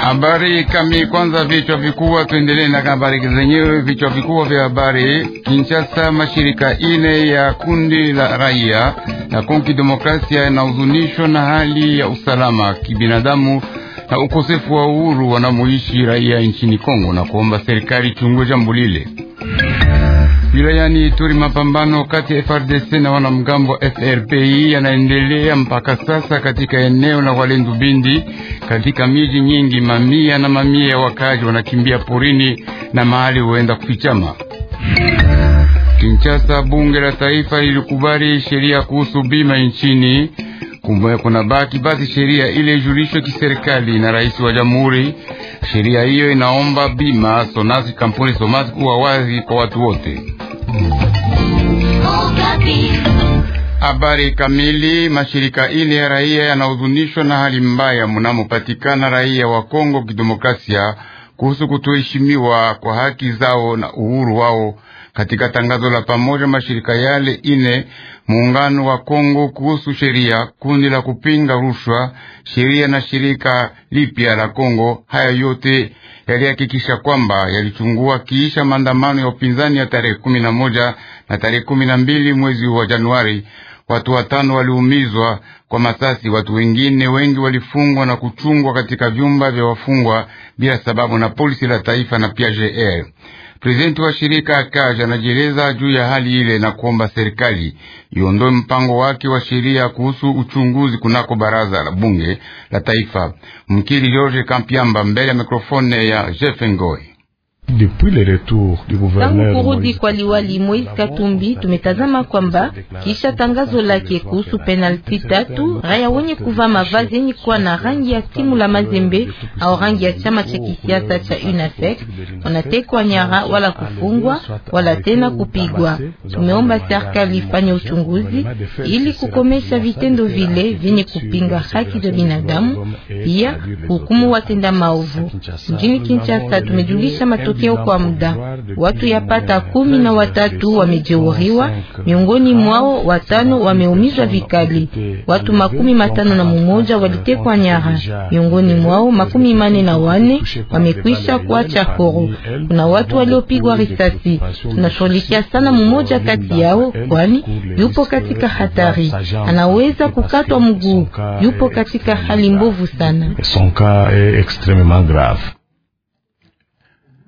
Habari kami Kwanza vichwa vikubwa, tuendelee na habari zenyewe. Vichwa vikubwa vya habari: Kinshasa, mashirika ine ya kundi la raia na konki Demokrasia yanahuzunishwa na hali ya usalama kibinadamu na ukosefu wa uhuru wanamoishi raia nchini Kongo na kuomba serikali chunguze jambo lile. Wilayani Ituri mapambano kati ya FRDC na wanamgambo wa FRPI yanaendelea mpaka sasa katika eneo la Walendu Bindi. Katika miji nyingi, mamia na mamia ya wakazi wanakimbia porini na mahali huenda kufichama. Kinshasa, bunge la taifa lilikubali sheria kuhusu bima nchini. Kumbe kuna baki basi sheria ile ijulishwe kiserikali na rais wa jamhuri. Sheria hiyo inaomba bima Sonasi, kampuni Sonasi kuwa wazi kwa watu wote. Habari kamili. Mashirika ine ya raia yanahuzunishwa na hali mbaya munamopatikana raia wa Kongo Kidemokrasia kuhusu kutoheshimiwa kwa haki zao na uhuru wao. Katika tangazo la pamoja mashirika yale ine, muungano wa Kongo kuhusu sheria, kundi la kupinga rushwa, sheria na shirika lipya la Kongo, haya yote yalihakikisha kwamba yalichungua kiisha maandamano ya upinzani ya tarehe kumi na moja na tarehe kumi na mbili mwezi wa Januari. Watu watano waliumizwa kwa masasi, watu wengine wengi walifungwa na kuchungwa katika vyumba vya wafungwa bila sababu na polisi la taifa na pia JR. Prezidenti wa shirika Akaja anajieleza juu ya hali ile na kuomba serikali iondoe mpango wake wa sheria kuhusu uchunguzi kunako baraza la bunge la taifa. Mkili George Kampiamba mbele ya mikrofone ya Jeff Ngoi. Tangu kurudi kwa liwali Moise Katumbi, tumetazama kwamba kisha tangazo lake kuhusu penalti tatu, raia wenye kuvaa mavazi yenye kuwa na rangi ya timu la Mazembe au rangi ya chama cha kisiasa cha UNASEC wanatekwa nyara wala kufungwa wala tena kupigwa. Tumeomba serikali ifanye uchunguzi ili kukomesha vitendo vile vyenye kupinga haki za binadamu, pia hukumu watenda maovu. Mjini Kinshasa tumejulisha matokeo kwa muda. Watu yapata kumi na watatu wamejeruhiwa, miongoni mwao watano wameumizwa vikali. Watu makumi matano na mumoja walitekwa nyara, miongoni mwao makumi mane na wane wamekwisha kuacha huru. Kuna watu waliopigwa risasi. Tunashughulikia sana mumoja kati yao, kwani yupo katika hatari, anaweza kukatwa mguu. Yupo katika hali mbovu sana. Son cas est extrêmement grave.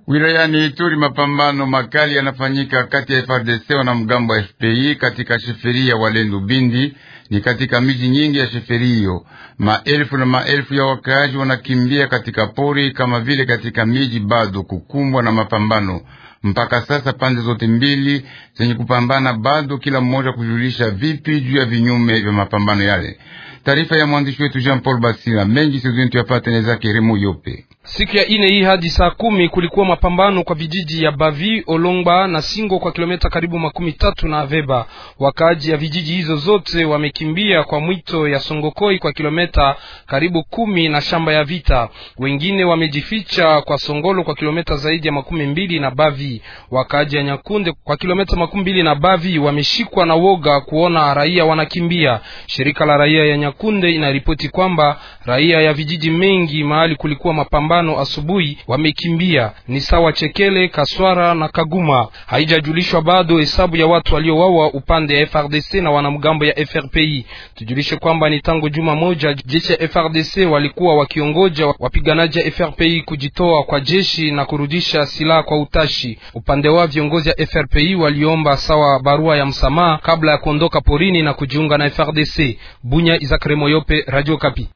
Wilayani Ituri mapambano makali yanafanyika kati ya FARDC na mgambo wa FPI katika sheferi ya Walendu Bindi, ni katika miji nyingi ya sheferi hiyo. Maelfu na maelfu ya wakaaji wanakimbia katika pori kama vile katika miji bado kukumbwa na mapambano. Mpaka sasa pande zote mbili zenye kupambana bado kila mmoja kujulisha vipi juu ya vinyume vya mapambano yale. Taarifa ya mwandishi wetu Jean Paul Basila mengi sizini tuyapate nezake Remo Yope. Siku ya ine hii hadi saa kumi kulikuwa mapambano kwa vijiji ya Bavi, Olongba na Singo kwa kilomita karibu makumi tatu na Aveba. Wakaaji ya vijiji hizo zote wamekimbia kwa mwito ya Songokoi kwa kilomita karibu kumi na shamba ya vita. Wengine wamejificha kwa Songolo kwa kilomita zaidi ya makumi mbili na Bavi. Wakaaji ya Nyakunde kwa kilomita makumi mbili na Bavi wameshikwa na woga kuona raia wanakimbia. Shirika la raia ya Nyakunde inaripoti kwamba raia ya vijiji mengi mahali kulikuwa mapambano mapambano asubuhi wamekimbia ni sawa Chekele, Kaswara na Kaguma. Haijajulishwa bado hesabu ya watu waliowawa upande ya FRDC na wanamgambo ya FRPI. Tujulishe kwamba ni tangu juma moja jeshi ya FRDC walikuwa wakiongoja wapiganaji ya FRPI kujitoa kwa jeshi na kurudisha silaha kwa utashi. Upande wa viongozi ya FRPI waliomba sawa barua ya msamaha kabla ya kuondoka porini na kujiunga na FRDC. Bunya, Izakremoyope, Radio Kapi.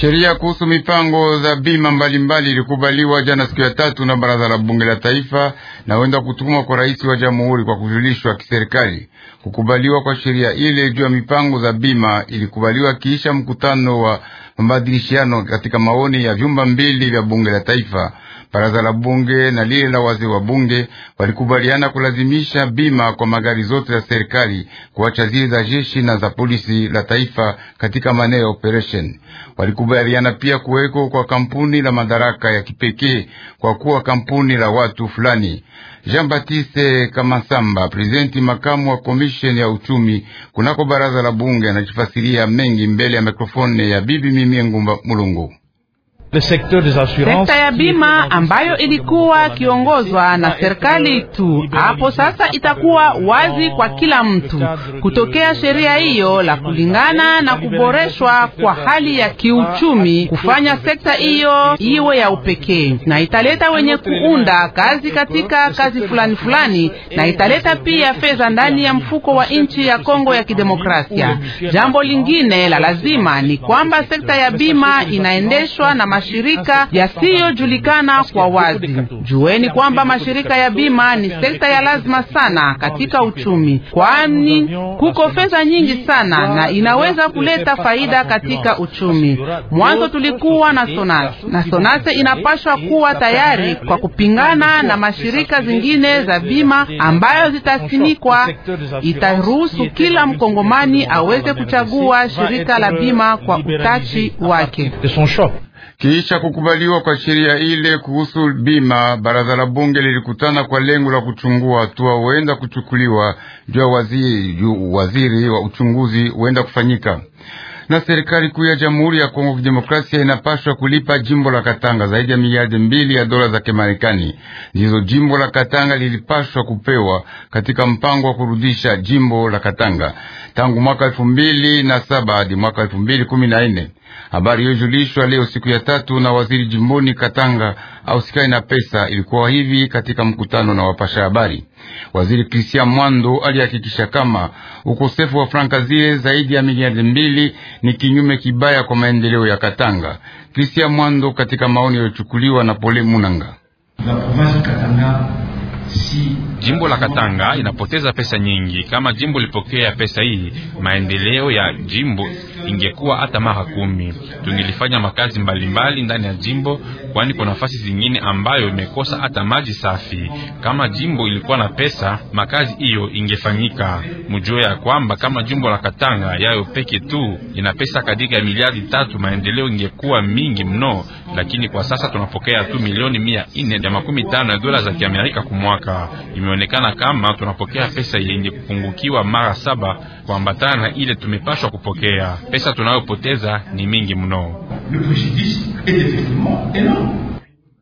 Sheria kuhusu mipango za bima mbalimbali ilikubaliwa jana siku ya tatu na baraza la bunge la taifa na wenda kutumwa kwa rais wa jamhuri kwa kujulishwa kiserikali. Kukubaliwa kwa sheria ile juu ya mipango za bima ilikubaliwa kisha mkutano wa mabadilishano katika maoni ya vyumba mbili vya bunge la taifa. Baraza la bunge na lile la wazee wa bunge walikubaliana kulazimisha bima kwa magari zote za serikali, kuacha zile za jeshi na za polisi la taifa katika maeneo ya operation. Walikubaliana pia kuweko kwa kampuni la madaraka ya kipekee kwa kuwa kampuni la watu fulani. Jean Baptiste Kamasamba, prezidenti makamu wa komisheni ya uchumi kunako baraza la bunge, anajifasiria mengi mbele ya mikrofone ya bibi Mimie Ngumba Mulungu sekta ya bima ambayo ilikuwa kiongozwa na serikali tu, hapo sasa itakuwa wazi kwa kila mtu kutokea sheria hiyo la kulingana na kuboreshwa kwa hali ya kiuchumi, kufanya sekta hiyo iwe ya upekee, na italeta wenye kuunda kazi katika kazi fulani fulani, na italeta pia fedha ndani ya mfuko wa nchi ya Kongo ya Kidemokrasia. Jambo lingine la lazima ni kwamba sekta ya bima inaendeshwa na mashirika yasiyojulikana kwa wazi. Jueni kwamba mashirika ya bima ni sekta ya lazima sana katika uchumi, kwani kuko fedha nyingi sana na inaweza kuleta faida katika uchumi. Mwanzo tulikuwa na Sonase na Sonase inapashwa kuwa tayari kwa kupingana na mashirika zingine za bima ambayo zitasimikwa. Itaruhusu kila mkongomani aweze kuchagua shirika la bima kwa utachi wake. Kisha kukubaliwa kwa sheria ile kuhusu bima, baraza la bunge lilikutana kwa lengo la kuchungua hatua huenda kuchukuliwa juu ya waziri, waziri wa uchunguzi huenda kufanyika na serikali kuu ya Jamhuri ya Kongo Kidemokrasia inapaswa kulipa jimbo la Katanga zaidi ya miliardi mbili ya dola za Kimarekani ndizo jimbo la Katanga lilipaswa kupewa katika mpango wa kurudisha jimbo la Katanga tangu mwaka elfu mbili na saba hadi mwaka elfu mbili kumi na nne. Habari iliyojulishwa leo siku ya tatu na waziri jimboni Katanga au sikai na pesa ilikuwa hivi. Katika mkutano na wapasha habari, waziri Kristian Mwando alihakikisha kama ukosefu wa franka zile zaidi ya miliardi mbili ni kinyume kibaya kwa maendeleo ya Katanga. Kristian Mwando katika maoni yaliyochukuliwa na Pole Munanga Jimbo la Katanga inapoteza pesa nyingi. Kama jimbo lipokea pesa hii, maendeleo ya jimbo ingekuwa hata mara kumi. Tungelifanya makazi mbalimbali ndani ya jimbo, kwani kwa nafasi zingine ambayo imekosa hata maji safi. Kama jimbo ilikuwa na pesa, makazi hiyo ingefanyika. Mjue ya kwamba kama jimbo la Katanga yayo peke tu ina pesa kadiri ya miliardi tatu, maendeleo ingekuwa mingi mno, lakini kwa sasa tunapokea tu milioni mia ine ya makumi tano ya dola za Kiamerika kumwaka. Imeonekana kama tunapokea pesa yenye kupungukiwa mara saba kuambatana na ile tumepashwa kupokea. Pesa tunayopoteza ni mingi mno. Le préjudice est effectivement énorme.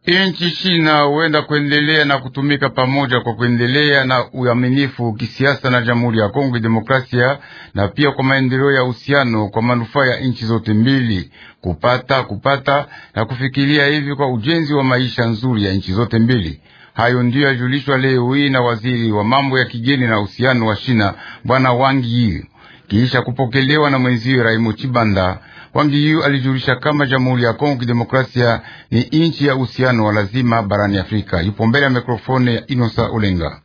Inchi China huenda kuendelea na kutumika pamoja kwa kuendelea na uaminifu kisiasa na Jamhuri ya Kongo Demokrasia na pia kwa maendeleo ya uhusiano kwa manufaa ya nchi zote mbili, kupata kupata na kufikiria hivi kwa ujenzi wa maisha nzuri ya nchi zote mbili. Hayo ndiyo yajulishwa leo hii na waziri wa mambo ya kigeni na uhusiano wa China Bwana Wang Yi kisha kupokelewa na mwenziwe Raimo Chibanda wangi Yu alijulisha kama Jamhuri ya Kongo Kidemokrasia ni inchi ya uhusiano wa lazima barani Afrika. Yupo mbele ya mikrofoni ya Inosa ulenga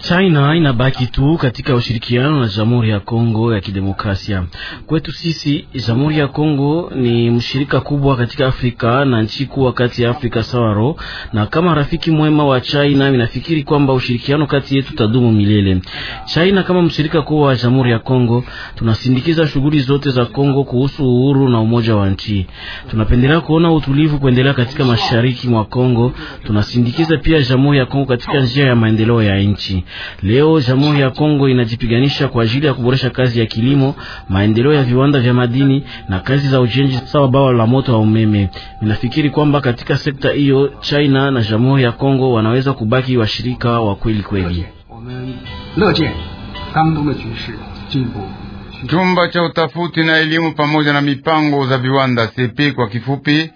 China inabaki tu katika ushirikiano na Jamhuri ya Kongo ya Kidemokrasia. Kwetu sisi, Jamhuri ya Kongo ni mshirika kubwa katika Afrika na nchi kuwa kati ya Afrika sawaro, na kama rafiki mwema wa China, inafikiri kwamba ushirikiano kati yetu tadumu milele. China kama mshirika kuwa wa Jamhuri ya Kongo, tunasindikiza shughuli zote za Kongo kuhusu uhuru na umoja wa nchi. Tunapendelea kuona utulivu kuendelea katika mashariki mwa Kongo. Tunasindikiza pia Jamhuri ya Kongo katika njia ya maendeleo maendeleo ya nchi. Leo Jamhuri ya Kongo inajipiganisha kwa ajili ya kuboresha kazi ya kilimo, maendeleo ya viwanda vya madini na kazi za ujenzi sawa bawa la moto wa umeme. Ninafikiri kwamba katika sekta hiyo China na Jamhuri ya Kongo wanaweza kubaki washirika wa kweli kweli. Chumba cha utafuti na elimu pamoja na mipango za viwanda CP kwa kifupi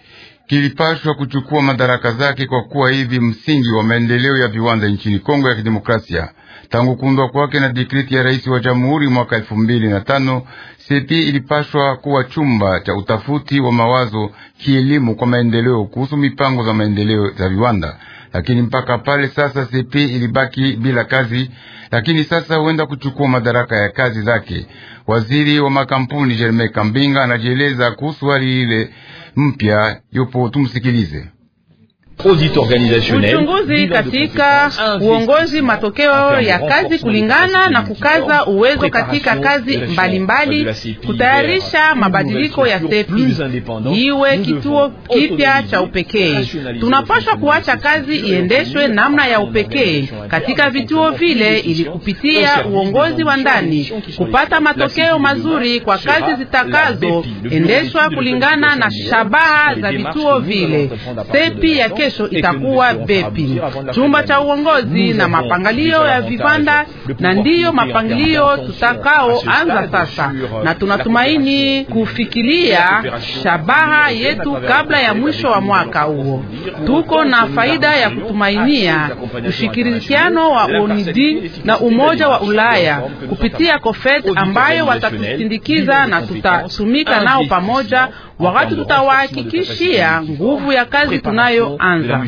kilipashwa kuchukua madaraka zake kwa kuwa hivi msingi wa maendeleo ya viwanda nchini Kongo ya Kidemokrasia. Tangu kuundwa kwake na dikriti ya rais wa jamhuri mwaka elfu mbili na tano, Sepi ilipashwa kuwa chumba cha utafuti wa mawazo kielimu kwa maendeleo kuhusu mipango za maendeleo za viwanda, lakini mpaka pale sasa Sepi ilibaki bila kazi, lakini sasa huenda kuchukua madaraka ya kazi zake. Waziri wa makampuni Jeremie Kambinga anajieleza kuhusu hali ile mpya yupo, tumsikilize uchunguzi katika uongozi, matokeo ya kazi kulingana na kukaza uwezo katika kazi mbalimbali kutayarisha mabadiliko ya sepi iwe kituo kipya cha upekee. Tunapaswa kuacha kazi iendeshwe namna ya upekee katika vituo vile, ili kupitia uongozi wa ndani kupata matokeo mazuri kwa kazi zitakazoendeshwa kulingana na shabaha za vituo vile sepi ya kesho itakuwa vipi. Chumba cha uongozi na mapangalio ya viwanda na ndiyo mapangilio tutakaoanza sasa, na tunatumaini kufikiria shabaha yetu kabla ya mwisho wa mwaka huo. Tuko na faida ya kutumainia ushirikiano wa UNIDI na Umoja wa Ulaya kupitia kofet ambayo watatusindikiza na tutatumika nao pamoja wakati tutawahakikishia nguvu ya kazi tunayoanza.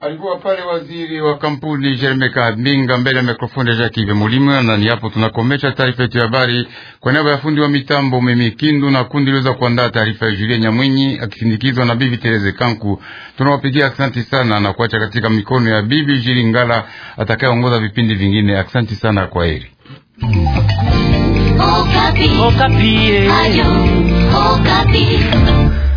Alikuwa pale waziri wa kampuni Jereme Kabinga mbele ya mikrofoni ya Jaki Yves Mulima. Na ni hapo tunakomesha taarifa yetu ya habari kwa niaba ya fundi wa mitambo Mimi Kindu na kundi liweza kuandaa taarifa ya Julie Nyamwinyi akisindikizwa na Bibi Tereze Kanku. Tunawapigia asanti sana na kuacha katika mikono ya Bibi Jili Ngala atakayeongoza vipindi vingine. Asanti sana, kwa heri. Okapi. Okapi. Eh.